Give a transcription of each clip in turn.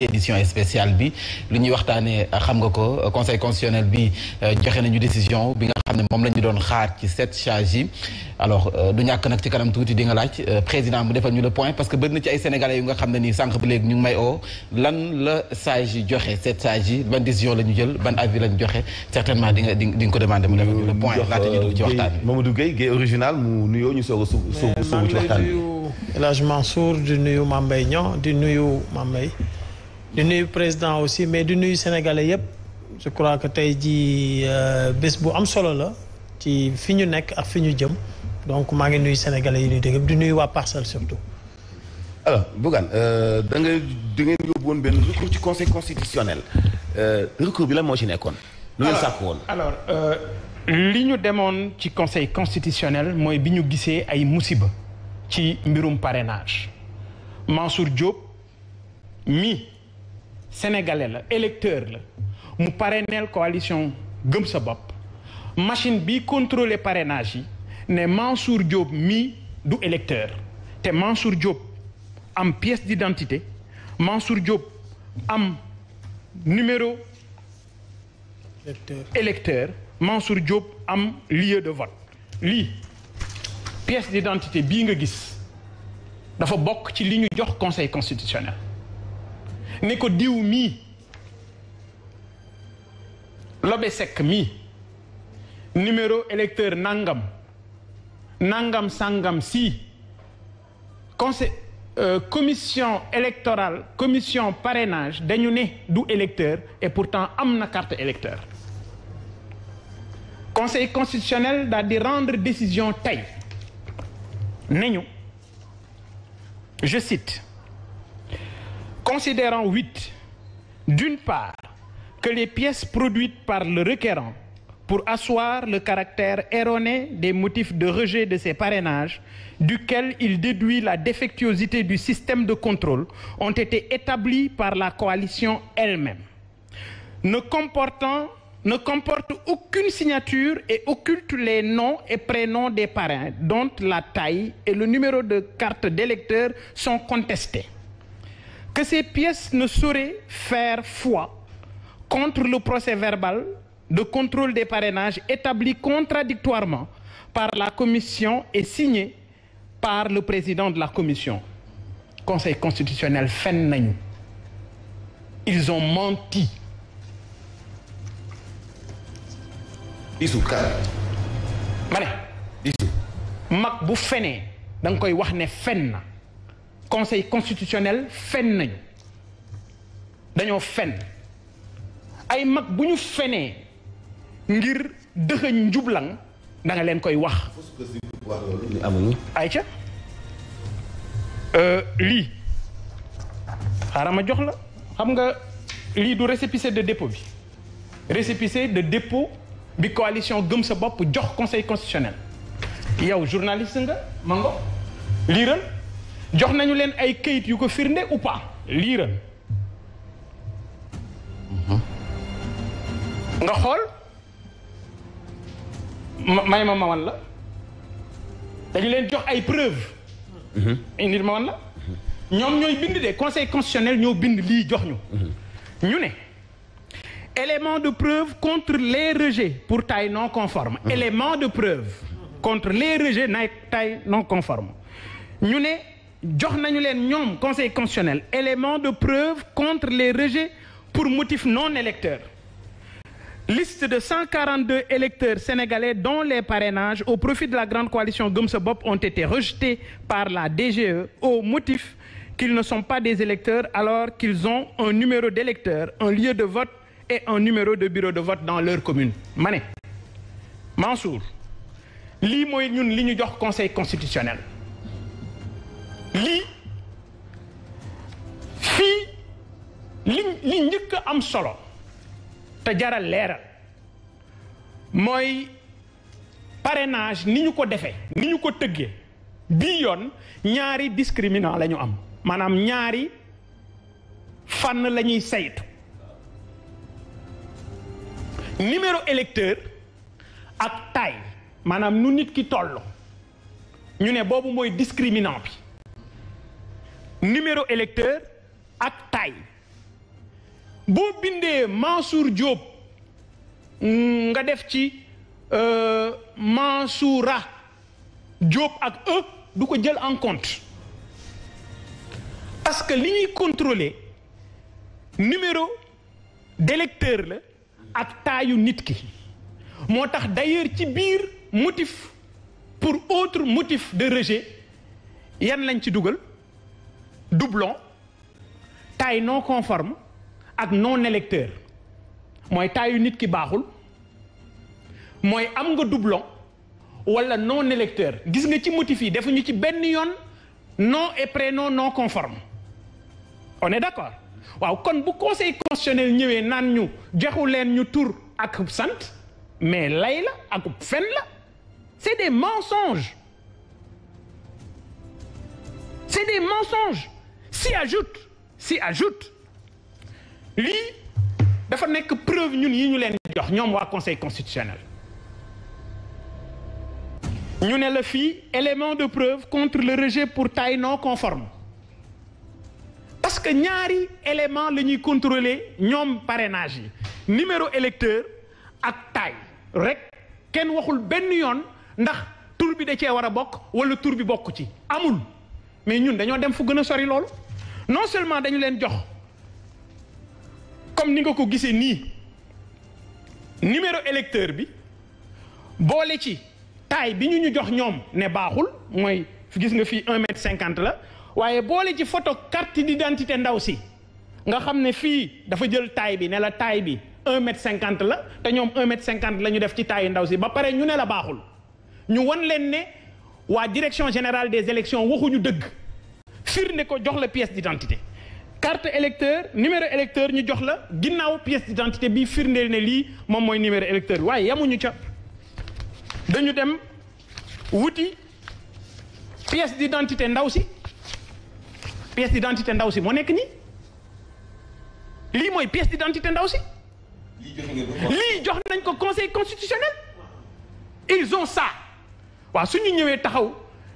édition spéciale bi lu ñuy waxtaanee xam nga ko conseil constitutionnel bi euh, joxe nañu décision bi nga xam ne moom la ñu doon xaar ci sept charges yi alors euh, du ñàkk nag ci kanam tuuti di nga laaj euh, président mu defal ñu le point parce que bëri na ci ay sénégalais yu nga xam ne nii sànq ba léegi ñu ngi may oo lan la charges yi joxe sept charges yi ban décision la ñu jël ban avis la ñu joxe certainement di nga di nga ko demandé mu defal ñu le point laata ñu dugg ci waxtaan bi Mamadou Gueye Gueye mu nuyoo a sóobu sóobu di nuyu Mambay Niang di nuyu président aussi mais di nuyu sénégalais yëpp je crois que tey jii euh, bés bu am solo la ci fi ñu nekk ak fi ñu jëm donc maa ngi nuyu sénégalais yi ñuy dégg di nuyu waa parcelle surtout. alors Bougane euh, da nga da ngeen yóbbu woon benn recours ci conseil constitutionnel euh, recours bi la moo ci nekkoon. lu ngeen sàkk woon alors li ñu demoon ci conseil constitutionnel mooy bi ñu gisee ay musiba ci mbirum parrainage Mansour Diop mi. sénégalais la électeur la mu parrainel coalition gëm sa bopp machine bi contrôler parrainage yi ne Mansour jóob mii du électeur te Mansour Diop am pièce d'identité Mansour Diop am numéro électeur Mansour Diop am lieu de vote lii pièce d'identité bii nga gis dafa bokk ci li ñu jox conseil constitutionnel ne ko diw mii lobe sekk mii numéro électeur nangam nangam sangam si conseil euh, commission électorale commission parrainage dañu ne du électeur et pourtant am na carte électeur conseil constitutionnel daal di rendre décision tey nañu je cite Considérant 8, d'une part, que les pièces produites par le requérant pour asseoir le caractère erroné des motifs de rejet de ces parrainages, duquel il déduit la défectuosité du système de contrôle, ont été établis par la coalition elle-même, ne comportant ne comporte aucune signature et occulte les noms et prénoms des parrains, dont la taille et le numéro de carte d'électeur sont contestés. que ces pièces ne sauraient faire foi contre le procès verbal de contrôle des parrainages établi contradictoirement par la commission et signé par le président de la commission conseil constitutionnel fen nañu ils ont menti isu kan ma ne isu mag bu fenee da nga koy wax ne fen na conseil constitutionnel fen nañ dañoo fen ay mag bu ñu fenee ngir dëxëñ njublang da nga leen koy wax ay ca euh, lii xaaral ma jox la xam nga lii du récépissé de dépôt bi récépissé de dépôt bi coalition gëm sa bopp jox conseil constitutionnel yow journaliste nga mango liiral jox nañu leen ay kayit yu ko firnde ou pas lii ra mhm. nga xool may ma ma la dañu leen jox ay preuve mhm. indil ma la mhm. ñoom ñooy bind de conseil constitutionnel ñoo bind lii jox ñu ñu ne élément de preuve contre les rejets pour taille non conforme élément de preuve contre les rejets na taille non conforme ñu ne jox nañu leen ñoom conseil constitutionnel élément de preuve contre les rejets pour motif non électeur liste de 142 électeurs sénégalais dont les parrainages au profit de la grande coalition Gëm Sa Bopp ont été rejetés par la DGE au motif qu'ils ne sont pas des électeurs alors qu'ils un numéro d'électeur, un lieu de vote et un numéro de bureau de vote dans leur commune. ma ne Mansour lii mooy ñun li ñu jox conseil lii fii li li njëkk a am solo te jaral leeral mooy parenage ni ñu ko defee ni ñu ko tëggee bii yoon ñaari discriminant lañu am maanaam ñaari fànn la ñuy saytu numéro électeur ak taille maanaam nu nit ki toll ñu ne boobu mooy discriminant bi numéro électeur ak taille boo bindee Mansour Diop mm, nga def ci euh, Mansoura Diop ak E du ko jël en compte parce que li ñuy contrôler numéro d'électeur la ak taayu nit ki moo tax d'ailleurs ci biir motif pour autre motif de rejet yan lañ ci dugal doublon taille non conforme ak non électeur mooy taille yu nit ki baaxul mooy am nga doublon walla non électeur gis nga ci motif yi defuñu ci benn yoon nom et prénom non conforme on est d'accord waaw kon bu conseil constitutionnel ñëwee naan ñu joxu leen ñu tur ak sant mais lay la ak fen la c'est des mensonges c'est des mensonges s'y ajoute s'y ajoute lii dafa nekk preuve ñun yi ñu leen jox ñoom waa conseil constitutionnel ñu ne la fii élément de preuve contre le rejet pour taille non conforme parce que ñaari élément la ñuy contrôler ñoom parrainage yi numéro électeur ak taille rek kenn waxul benn yoon ndax tur bi da cee war a bokk wala tur bi bokk ci amul mais ñun dañoo dem fu gën a sori loolu non seulement dañu leen jox comme ni nga ko gisee nii numéro électeur bi boole ci taille bi ñu ñu jox ñoom ne baaxul mooy gis nga fii un mètre cinquante la waaye boole ci photo carte d'identité ndaw si nga xam ne fii dafa jël taille bi ne la taay bi un mètre la te ñoom un mètre la ñu def ci taille ndaw si ba pare ñu ne la baaxul ñu won leen ne waa direction générale des élections waxuñu dëgg firnde ko jox la pièce d'identité carte électeur numéro électeur ñu jox la ginnaaw pièce d'identité bi firndeel ne lii moom mooy numéro électeur waaye yamuñu ca dañu dem wuti pièce d'identité ndaw si pièce d'identité ndaw si moo nekk nii lii mooy pièce d'identité ndaw si lii jox nañ ko conseil constitutionnel ils ont ça waaw suñu ñëwee taxaw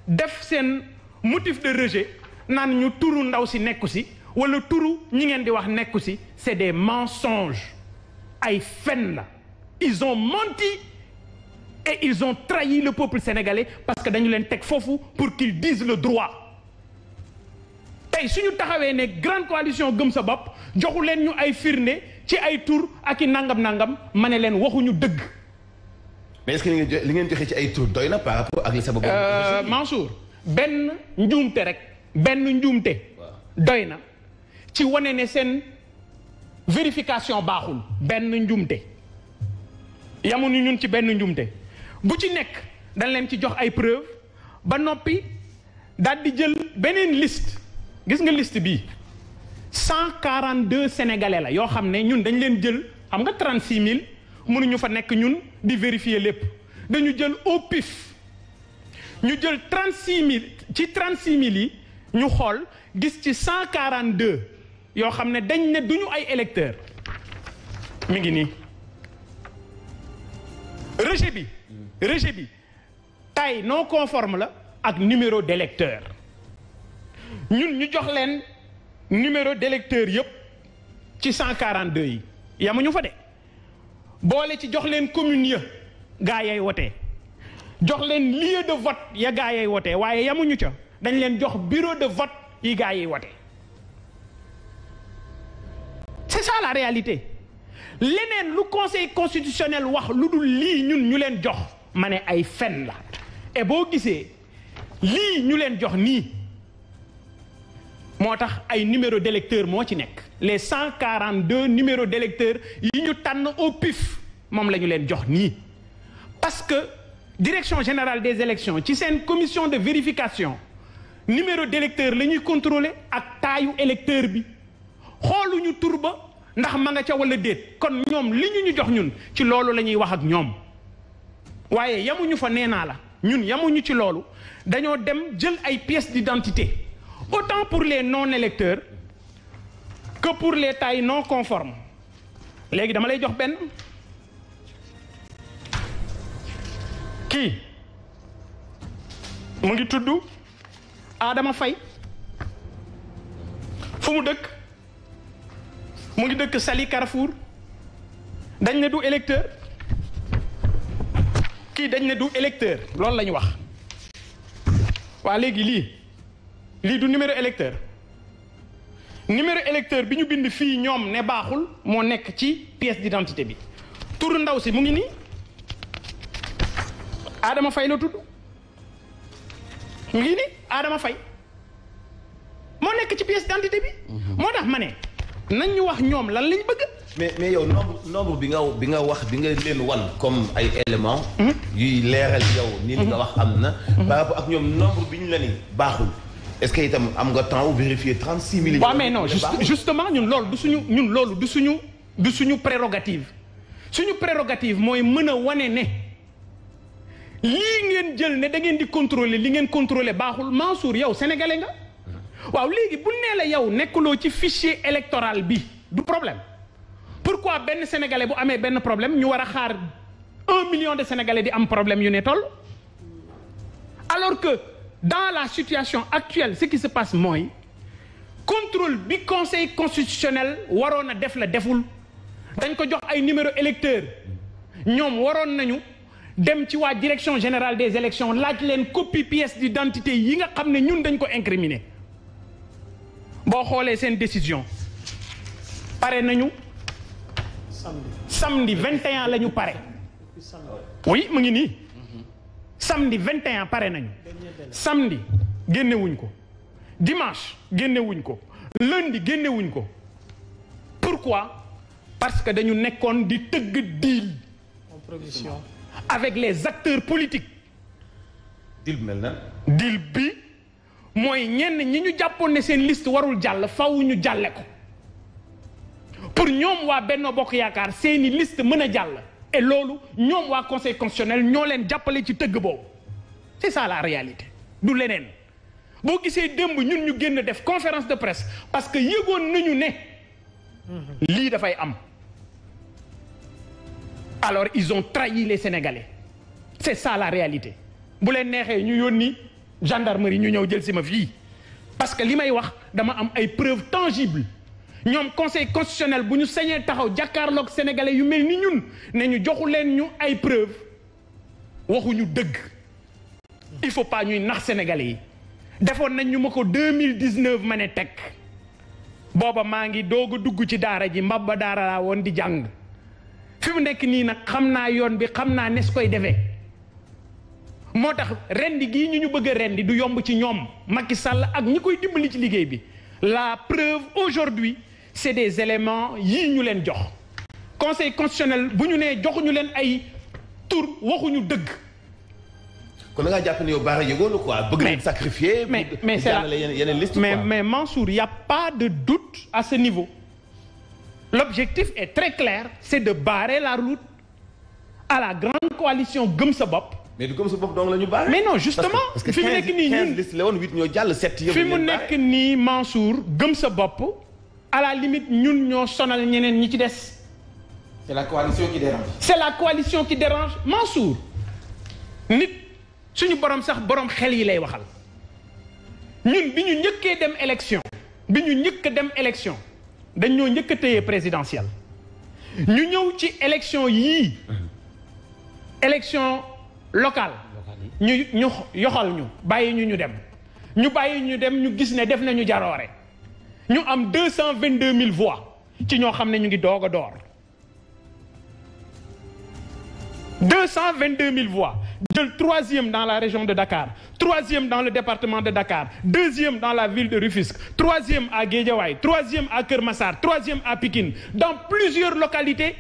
def seen motif de rejet naan ñu turu ndaw si nekku si wala turu ñi ngeen di wax nekku si c'est des mensonges ay fen la ils ont menti et ils ont trahi le peuple sénégalais parce que dañu leen teg foofu pour qu'ils disent le droit tey suñu taxawee ne grande coalition gëm sa bopp joxu leen ñu ay firnde ci ay tur ak i nangam-nangam ma ne leen waxuñu dëgg mais est li ngeen joxe ci ay tur doy na par rapport ak li sa bopp euh, Mansour benn njuumte rek benn njuumte doy na ci wane ne seen vérification baaxul benn njuumte yamuñu ñun ci benn njuumte bu ci nekk dañ leen ci jox ay preuve ba noppi daal di jël beneen list gis nga liste bi cent quarante deux sénégalais la yoo xam ne ñun dañ leen jël xam nga trente mille mënuñu fa nekk ñun di vérifier lépp dañu jël au pif ñu jël trente six mille ci trente six mille yi ñu xool gis ci cent quarante deux yoo xam ne dañ ne duñu ay électeurs mi ngi nii rejet bi rejet bi taille non conforme la ak numéro d'électeur ñun ñu jox leen numéro d'électeur yëpp ci cent quarante yi yamuñu fa de boole ci jox leen commune ya gaa yay wotee jox leen lieu de vote ya gaa yay wotee waaye yamuñu ca dañ leen jox bureau de vote yi gars yi wote c'est ça la réalité leneen lu conseil constitutionnel wax lu dul lii ñun ñu leen jox ma ne ay fen la et boo gisee lii ñu leen jox nii moo tax ay numéro d'électeur moo ci nekk les cent quarante deux numéro d'électeur yi ñu tànn au pif moom la ñu leen jox nii parce que direction général des élections ci seen commission de vérification numéro d'électeur la ñuy contrôler ak taayu électeur bi xooluñu tur ba ndax ma nga ca walla déet kon ñoom li ñu ñu jox ñun ci loolu la ñuy wax ak ñoom waaye yamuñu fa nee naa la ñun yamuñu ci loolu dañoo dem jël ay pièces d'identité autant pour les non électeurs que pour les tailles non conformes léegi dama lay jox benn kii mu ngi tudd Adama fay fu mu dëkk mu ngi dëkk Saly Carrefour dañ ne du électeur kii dañ ne du électeur loolu la ñu wax waa léegi lii lii du numéro électeur numéro électeur bi ñu bind fii ñoom ne baaxul moo nekk ci pièce d'identité bi turu ndaw si mu ngi nii aadama fay la tudd mu ngi nii Adama fay moo nekk ci pièce d'identité bi. Mhm. moo tax ma ne nañ ñu wax ñoom lan lañ bëgg. mais mais yow nombre nombre bi nga bi nga wax bi nga leen wan comme ay éléments. Mhm. yuy leeral yow. nii li nga mhm. wax am na. par rapport ak ñoom nombre bi ñu la ni baaxul. est-ce que itam am nga temps ou vérifier 36 millions. waaw mais non justement ñun loolu du suñu ñun loolu du suñu du suñu prérogative suñu prérogative mooy mën a wane ne. yii ngeen jël ne da ngeen di contrôler li ngeen contrôler baaxul Mansour yow sénégalais nga waaw léegi bu nee la yow nekkuloo ci fichier électoral bi du problème pourquoi benn sénégalais bu amee benn problème ñu war a xaar un million de sénégalais di am problème yu ne toll alors que dans la situation actuelle ce qui se passe mooy contrôle bi conseil constitutionnel waroon a def la deful dañ ko jox ay numéro électeur ñoom waroon nañu dem ci waa direction générale des élections laaj leen copie pièce d'identité yi nga xam ne ñun dañ ko incriminé boo xoolee seen décision pare nañu samedi 21 la ñu pare oui mu ngi nii samedi pare nañu samedi génnewuñ ko dimanche génnewuñ ko lundi génnewuñ ko pourquoi parce que dañu nekkoon di tëgg deal avec les acteurs politiques. dil na. dil bi mooy ñenn ñi ñu jàppoon ne seen liste warul jàll faw ñu jàlle ko pour ñoom waa Benno Bokk Yaakaar seeni liste mën a jàll. et loolu ñoom waa conseil constitutionnel ñoo leen jàppale ci tëgg boobu c'est ça la réalité du leneen boo gisee démb ñun ñu génn def conférence de presse parce que yëgoon nañu ne. Mmh. lii dafay am. alors ils ont trahi les Sénégalais c'est ça la réalité bu leen neexee ñu yónni gendarmerie ñu ñëw jël si ma fii parce que li may wax dama am ay preuves tangibles ñoom conseil constitutionnel bu ñu sañee taxaw jàkkaarloog sénégalais yu mel ni ñun ne ñu joxu leen ñu ay preuves waxuñu dëgg il faut pas ñuy nax sénégalais yi defoon nañ ñu ma ko deux mille dix neuf ma ne teg booba maa ngi doog a dugg ci daara ji mbabba daara laa woon di jàng fi mu nekk nii nag xam naa yoon bi xam naa nes koy defee moo tax rendi gii ñu ñu bëgg a rendi du yomb ci ñoom Macky Sall ak ñi koy dimbali ci liggéey bi la preuve aujourd'hui c'est des éléments yii ñu leen jox conseil constitutionnel bu ñu nee joxuñu leen ay tur waxuñu dëgg kon da ngaa jàpp ne yow Bara yëgoon quoi bëgg leen sacrifier mais mais c'est la yeneen liste mais mais Mansour y a pas de doute à ce niveau l'objectif est très clair c'est de bare la route à la grande coalition gëm sa bopp. mais du gëm bopp donc la ñu barrer. mais non justement fi mu nekk nii ñun liste la woon huit ñoo jàll sept yëpp fi gëm sa bopp à la limite ñun ñoo sonal ñeneen ñi ci des. c'est la coalition qui dérange. c'est la coalition qui dérange Mansour nit suñu borom sax borom xel yi lay waxal ñun bi ñu ñëkkee dem élection bi ñu ñëkk dem élection. dañ ñoo njëkk a téye présidentielle ñu ñëw ci élection yii élection locale ñu ñu yoxal ñu bàyyi ñu ñu dem ñu bàyyi ñu dem ñu gis ne def nañu jaroore ñu am deux cent vingt deux mille voix ci ñoo xam ne ñu ngi doog a door deux cent vingt deux mille voix jël troisième dans la région de Dakar troisième dans le département de Dakar deuxième dans la ville de Rufisque troisième à Guédiawaye troisième à kër Massar troisième à Pikine dans plusieurs localités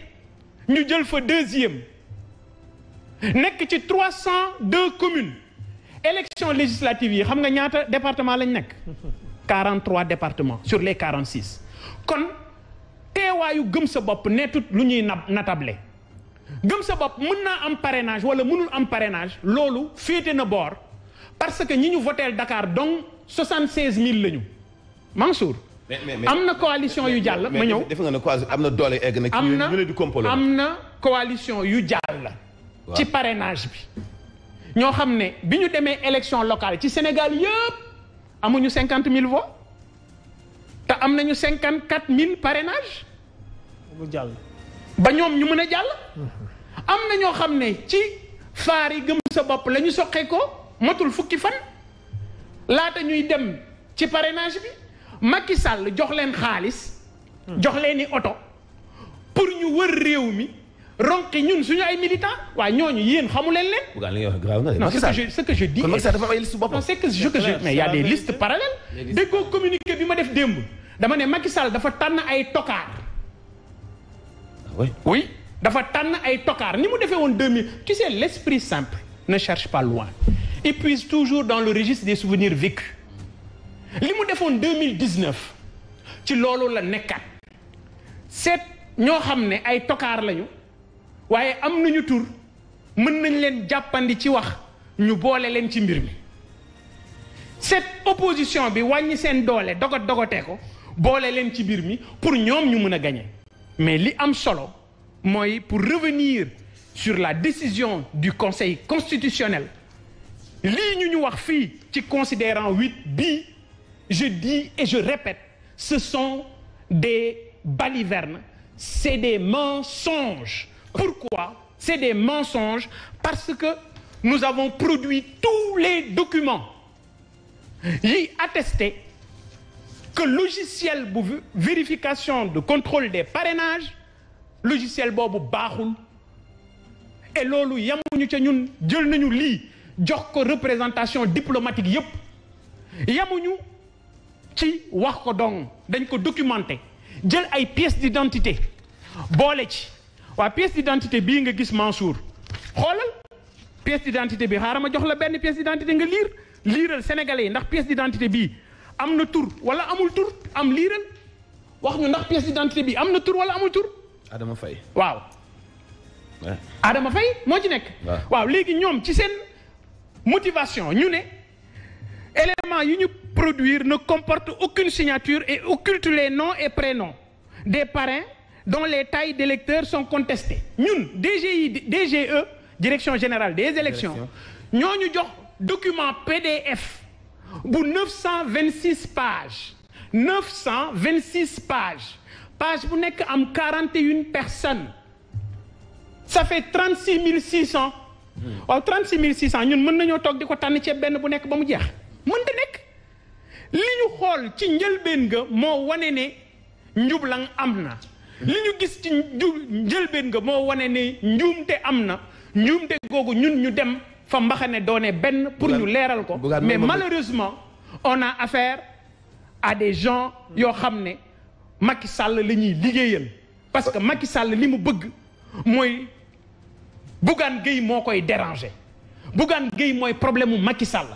ñu jël fa deuxième nekk ci trois cent deux communes élection législative yi xam nga ñaata département lañ nekk quarante trois départements sur les quarante six kon teewaayu gëm sa bopp nettut lu ñuy na natable gëm sa bopp mën naa am parrainage wala mënul am parrainage loolu féete na boor parce que ñi ñu voteel dakaar donc soixante seize mille la ñu Mansour. am na coalition yu jàll ma ñëw def nga ne am na doole egg na. am na am na coalition yu jàll. ci parrainage bi. ñoo xam ne bi ñu demee élection locale ci Sénégal yëpp amuñu cinquante mille voix te am nañu cinquante quatre mille parrainage mu jàll. ba ñoom ñu mën a jàll. am na ñoo xam ne ci faar yi gëm sa bopp la ñu ko matul fukki fan laata ñuy dem ci parrainage bi Macky Sall jox leen xaalis. jox leen i oto pour ñu wër réew mi. ronki ñun suñu ay militants waaye ñooñu yéen xamu leen leen. ce que je ce que je dis. kon Macky Sall liste boppam. non c'est que communiqué bi ma def démb. dama ne makki Sall dafa tànn ay tokaar. oui oui dafa tànn ay tokaar ni mu defee woon 2000 tu sais l' esprit simple ne cherche pas loin il puise toujours dans le registre des souvenirs vécus li mu defoon 2019 ci loolu la nekkaat seet ñoo xam ne ay tokaar lañu waaye am nañu tur mën nañ leen jàppandi ci wax ñu boole leen ci mbir mi cette opposition bi wàññi seen doole dogot dogotee ko boole leen ci mbir mi pour ñoom ñu mën a gañe mais li am solo mooy pour revenir sur la décision du conseil constitutionnel lii ñu ñu wax fii ci considérant huit bii je dis et je répète ce sont des balivernes c'est des mensonges pourquoi c'est des mensonges parce que nous avons produit tous les documents yi attesté que logiciel bu vérification de contrôle des parrainages logiciel boobu baaxul et loolu yamuñu ca ñun jël nañu lii jox ko représentation diplomatique yépp yamuñu ci wax ko donc dañ ko documenté jël ay pièces d'identité boole ci waa pièce d'identité bii nga gis Mansour xoolal pièce d'identité bi xaaral ma jox la benn pièce d'identité nga liir liiral sénégalais yi ndax pièce d'identité bii am na tur wala amul tur am liiral wax ñu ndax pièce d'identité am na tur wala amul tur. Adama Faye waaw. Adama Faye moo ci nekk. waaw léegi ñoom ci seen motivation ñu ne éléments yu ñu produire ne comporte aucune signature et occulte les noms et prénoms des parrains dont les tailles d'électeurs sont contestées ñun DGI DGE direction générale des élections ñoo ñu jox document PDF. bu 926 pages 926 pages page bu nekk am 41 personnes ça fait 36 600. waaw 36 600 ñun mën nañoo toog di ko tànn ceeb benn bu nekk ba mu jeex mën da nekk li ñu xool ci njëlbeen nga moo wane ne njublang am na li ñu gis ci njëlbeen nga moo wane ne njuumte am na njuumte googu ñun ñu dem fa mbaxane doone benn pour ñu leeral ko mais malheureusement on a affaire à des gens yoo xam ne Macky Sall la ñuy liggéeyal parce que Macky sàll li mu bëgg mooy Bougane Gueye moo koy déranger Bougane Gueye mooy problème mu Macky Sall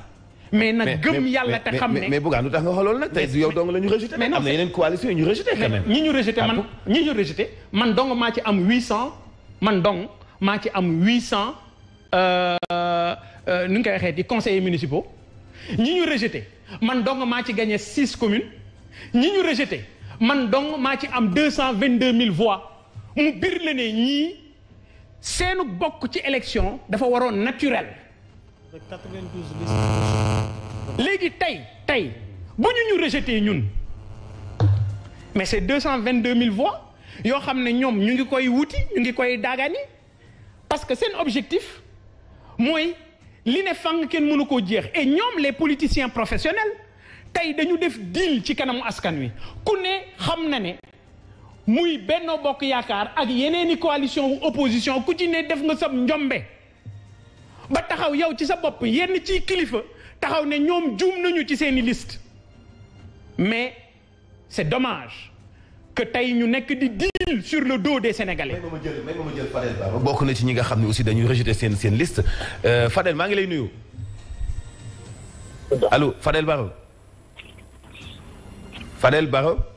mais na gëm yàlla te xam ne mais Bougane lu tax nga xooloon nag tey yow dong la ñu rejeté mais am na yeneen coalition yi ñu rejeté ñu rejeté man ah man dong maa ci am huit cent man dong maa ci am huit cent euh, Euh, nu ngi koy waxee di conseillers municipaux ñi ñu rejeté man dong maa ci gagné six communes ñi ñu rejeté man dong maa ci am deux cent vingt deux mille voix mu bir la ne ñii seenu bokk ci élection dafa waroon naturel. léegi tey tey bu ñu ñu rejeté ñun mais c'est deux cent vingt deux mille voix yoo xam ne ñoom ñu ngi koy wuti ñu ngi koy daagani parce que seen objectif mooy. li ne fang kenn mënu koo jeex et ñoom les politiciens professionnels tey dañu def deal ci kanamu askan wi ku ne xam na ne muy Benno Bokk Yaakaar ak yeneeni coalition wu opposition ku ci ne def nga sa njombe ba taxaw yow ci sa bopp yenn ci kilifa taxaw ne ñoom juum nañu ci seeni liste mais c'est dommage que tey ñu nekk di deal sur le dos des sénégalais. may jël ma jël bokk na ci ñi nga xam ne aussi dañuy rejeter seen seen liste euh, Fadel maa ngi lay nuyu. allo Fadel Baro Fadel Baro.